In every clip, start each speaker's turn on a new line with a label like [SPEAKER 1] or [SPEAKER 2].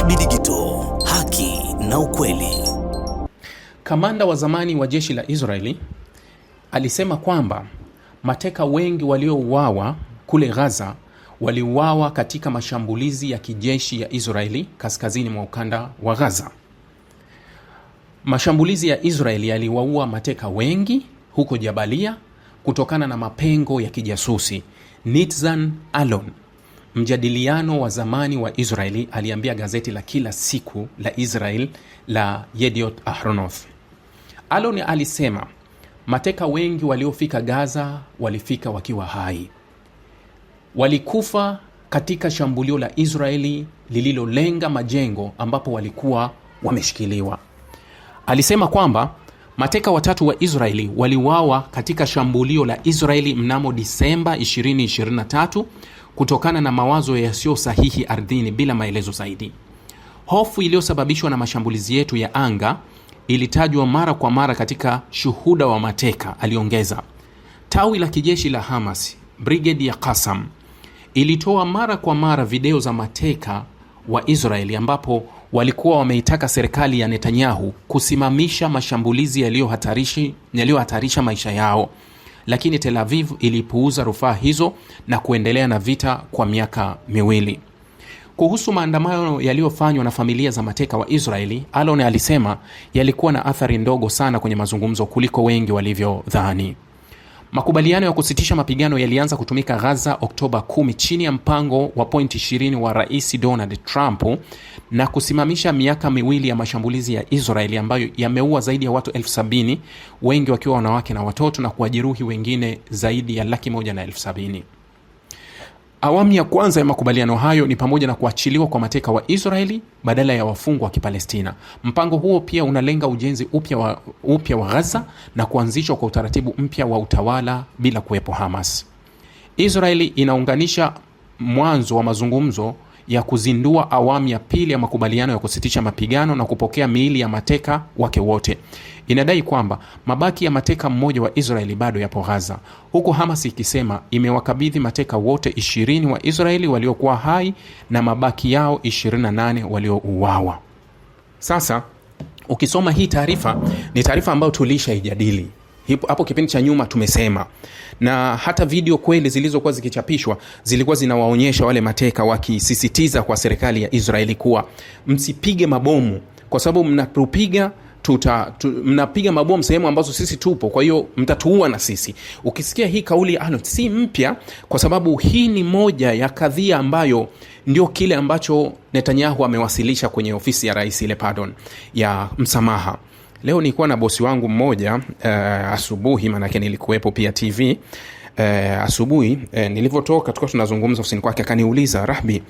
[SPEAKER 1] FB Digital, haki na ukweli. Kamanda wa zamani wa jeshi la Israeli alisema kwamba mateka wengi waliouawa kule Gaza waliuawa katika mashambulizi ya kijeshi ya Israeli kaskazini mwa ukanda wa Gaza. Mashambulizi ya Israeli yaliwaua mateka wengi huko Jabalia kutokana na mapengo ya kijasusi. Nitzan Alon mjadiliano wa zamani wa Israeli aliambia gazeti la kila siku la Israel la Yediot Ahronoth. Alon alisema mateka wengi waliofika Gaza walifika wakiwa hai, walikufa katika shambulio la Israeli lililolenga majengo ambapo walikuwa wameshikiliwa. Alisema kwamba mateka watatu wa Israeli waliuawa katika shambulio la Israeli mnamo Disemba 2023 kutokana na mawazo yasiyo sahihi ardhini bila maelezo zaidi. Hofu iliyosababishwa na mashambulizi yetu ya anga ilitajwa mara kwa mara katika shuhuda wa mateka, aliongeza. Tawi la kijeshi la Hamas, Brigedi ya kasam ilitoa mara kwa mara video za mateka wa Israeli ambapo walikuwa wameitaka serikali ya Netanyahu kusimamisha mashambulizi yaliyohatarisha maisha yao lakini Tel Aviv ilipuuza rufaa hizo na kuendelea na vita kwa miaka miwili. Kuhusu maandamano yaliyofanywa na familia za mateka wa Israeli, Alon alisema yalikuwa na athari ndogo sana kwenye mazungumzo kuliko wengi walivyodhani. Makubaliano ya kusitisha mapigano yalianza kutumika Gaza Oktoba 10 chini ya mpango wa pointi 20 wa Rais Donald Trump na kusimamisha miaka miwili ya mashambulizi ya Israeli ambayo yameua zaidi ya watu elfu sabini wengi wakiwa wanawake na watoto na kuwajeruhi wengine zaidi ya laki moja na elfu sabini. Awamu ya kwanza ya makubaliano hayo ni pamoja na kuachiliwa kwa mateka wa Israeli badala ya wafungwa wa Kipalestina. Mpango huo pia unalenga ujenzi upya wa, upya wa Ghaza na kuanzishwa kwa utaratibu mpya wa utawala bila kuwepo Hamas. Israeli inaunganisha mwanzo wa mazungumzo ya kuzindua awamu ya pili ya makubaliano ya kusitisha mapigano na kupokea miili ya mateka wake wote. Inadai kwamba mabaki ya mateka mmoja wa Israeli bado yapo Gaza, huku Hamas ikisema imewakabidhi mateka wote ishirini wa Israeli waliokuwa hai na mabaki yao 28 waliouawa. Sasa ukisoma hii taarifa, ni taarifa ambayo ijadili hapo kipindi cha nyuma tumesema, na hata video kweli zilizokuwa zikichapishwa zilikuwa zinawaonyesha wale mateka wakisisitiza kwa serikali ya Israeli kuwa msipige mabomu kwa sababu mnapopiga tuta tu, mnapiga mabomu sehemu ambazo sisi tupo, kwa hiyo mtatuua na sisi. Ukisikia hii kauli ano, si mpya, kwa sababu hii ni moja ya kadhia ambayo ndio kile ambacho Netanyahu amewasilisha kwenye ofisi ya rais, ile pardon ya msamaha Leo nilikuwa na bosi wangu mmoja uh, asubuhi, maanake nilikuwepo pia TV uh, eh, asubuhi uh, nilivyotoka tukawa tunazungumza ofisini kwake, akaniuliza Rahbi,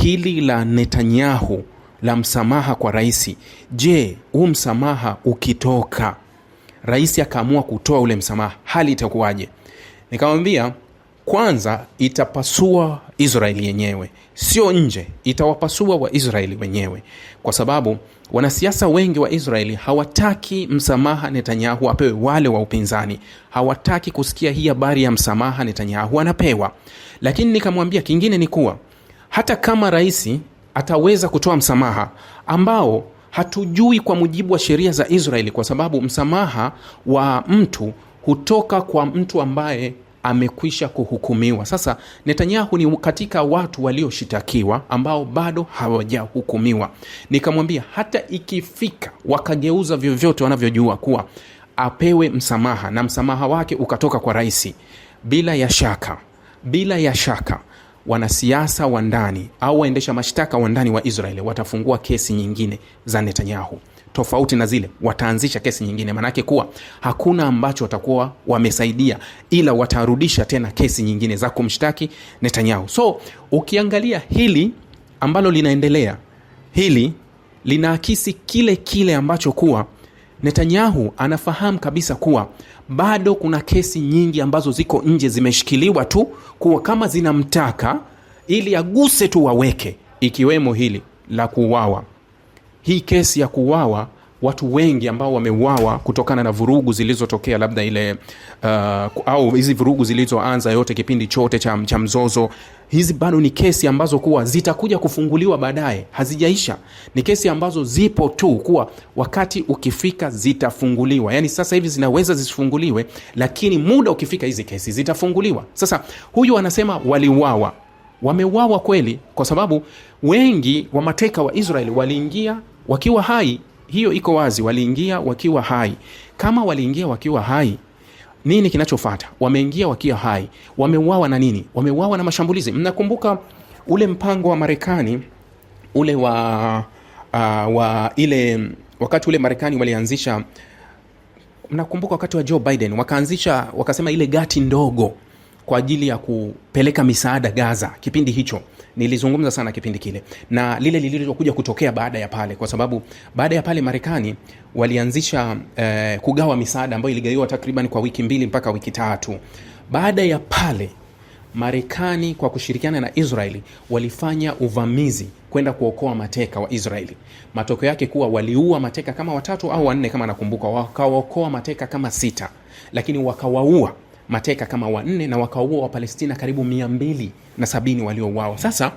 [SPEAKER 1] hili la Netanyahu la msamaha kwa raisi, je, huu msamaha ukitoka raisi akaamua kutoa ule msamaha, hali itakuwaje? Nikamwambia kwanza itapasua israeli yenyewe sio nje itawapasua waisraeli wenyewe kwa sababu wanasiasa wengi wa israeli hawataki msamaha netanyahu apewe wale wa upinzani hawataki kusikia hii habari ya msamaha netanyahu anapewa lakini nikamwambia kingine ni kuwa hata kama raisi ataweza kutoa msamaha ambao hatujui kwa mujibu wa sheria za israeli kwa sababu msamaha wa mtu hutoka kwa mtu ambaye amekwisha kuhukumiwa. Sasa Netanyahu ni katika watu walioshitakiwa ambao bado hawajahukumiwa. Nikamwambia hata ikifika wakageuza vyovyote wanavyojua kuwa apewe msamaha na msamaha wake ukatoka kwa rais, bila ya shaka, bila ya shaka wanasiasa wa ndani au waendesha mashtaka wa ndani wa Israeli watafungua kesi nyingine za Netanyahu tofauti na zile, wataanzisha kesi nyingine. Maanake kuwa hakuna ambacho watakuwa wamesaidia, ila watarudisha tena kesi nyingine za kumshtaki Netanyahu. So ukiangalia hili ambalo linaendelea, hili linaakisi kile kile ambacho kuwa Netanyahu anafahamu kabisa kuwa bado kuna kesi nyingi ambazo ziko nje zimeshikiliwa tu, kuwa kama zinamtaka ili aguse tu waweke, ikiwemo hili la kuuawa hii kesi ya kuwawa watu wengi ambao wameuawa kutokana na vurugu zilizotokea labda ile uh, au hizi vurugu zilizoanza yote kipindi chote cha, cha mzozo hizi bado ni kesi ambazo kuwa zitakuja kufunguliwa baadaye, hazijaisha. Ni kesi ambazo zipo tu kuwa wakati ukifika zitafunguliwa. Yani sasa hivi zinaweza zisifunguliwe, lakini muda ukifika hizi kesi zitafunguliwa. Sasa huyu anasema waliuawa, wameuawa kweli, kwa sababu wengi wa mateka wa israel waliingia wakiwa hai. Hiyo iko wazi, waliingia wakiwa hai. Kama waliingia wakiwa hai, nini kinachofata Wameingia wakiwa hai, wameuawa na nini? Wameuawa na mashambulizi. Mnakumbuka ule mpango wa Marekani ule wa uh, wa ile wakati ule Marekani walianzisha, mnakumbuka wakati wa Joe Biden wakaanzisha, wakasema ile gati ndogo kwa ajili ya kupeleka misaada Gaza. Kipindi hicho nilizungumza sana kipindi kile na lile lililokuja kutokea baada ya pale, kwa sababu baada ya pale Marekani walianzisha eh, kugawa misaada ambayo iligawiwa takriban kwa wiki mbili mpaka wiki tatu. Baada ya pale Marekani kwa kushirikiana na Israeli walifanya uvamizi kwenda kuokoa mateka wa Israeli. Matokeo yake kuwa waliua mateka kama watatu au wanne kama nakumbuka, wakawaokoa mateka kama sita, lakini wakawaua mateka kama wanne na wa Wapalestina karibu mia mbili na sabini waliouawa. Sasa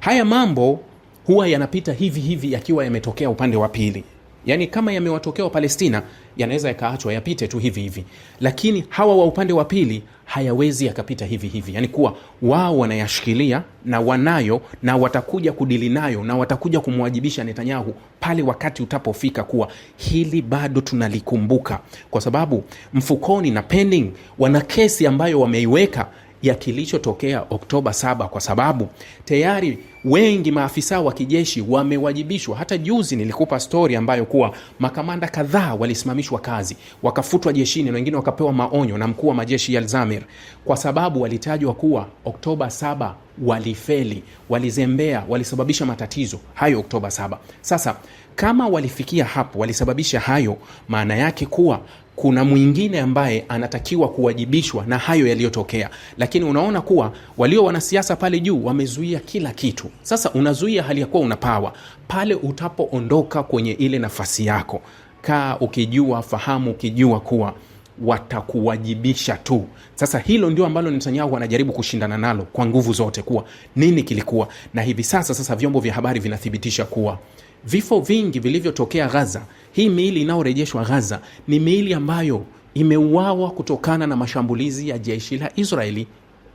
[SPEAKER 1] haya mambo huwa yanapita hivi hivi yakiwa yametokea upande wa pili yani kama yamewatokea Wapalestina yanaweza yakaachwa yapite tu hivi hivi, lakini hawa wa upande wa pili hayawezi yakapita hivi hivi, yani kuwa wao wanayashikilia na wanayo na watakuja kudili nayo na watakuja kumwajibisha Netanyahu pale wakati utapofika, kuwa hili bado tunalikumbuka, kwa sababu mfukoni na pending wana kesi ambayo wameiweka ya kilichotokea Oktoba 7 kwa sababu tayari wengi maafisa wa kijeshi wamewajibishwa. Hata juzi nilikupa stori ambayo kuwa makamanda kadhaa walisimamishwa kazi wakafutwa jeshini na wengine wakapewa maonyo na mkuu wa majeshi Yalzamir kwa sababu walitajwa kuwa Oktoba 7 walifeli, walizembea, walisababisha matatizo hayo Oktoba 7. Sasa kama walifikia hapo, walisababisha hayo, maana yake kuwa kuna mwingine ambaye anatakiwa kuwajibishwa na hayo yaliyotokea, lakini unaona kuwa walio wanasiasa pale juu wamezuia kila kitu. Sasa unazuia hali ya kuwa una pawa pale, utapoondoka kwenye ile nafasi yako, kaa ukijua, fahamu ukijua kuwa watakuwajibisha tu. Sasa hilo ndio ambalo Netanyahu anajaribu kushindana nalo kwa nguvu zote, kuwa nini kilikuwa na hivi sasa. Sasa vyombo vya habari vinathibitisha kuwa vifo vingi vilivyotokea ghaza hii miili inayorejeshwa ghaza ni miili ambayo imeuawa kutokana na mashambulizi ya jeshi la Israeli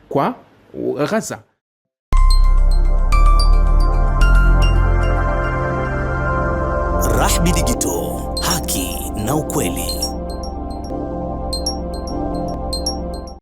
[SPEAKER 1] kwa ghaza rahbi digito haki na ukweli.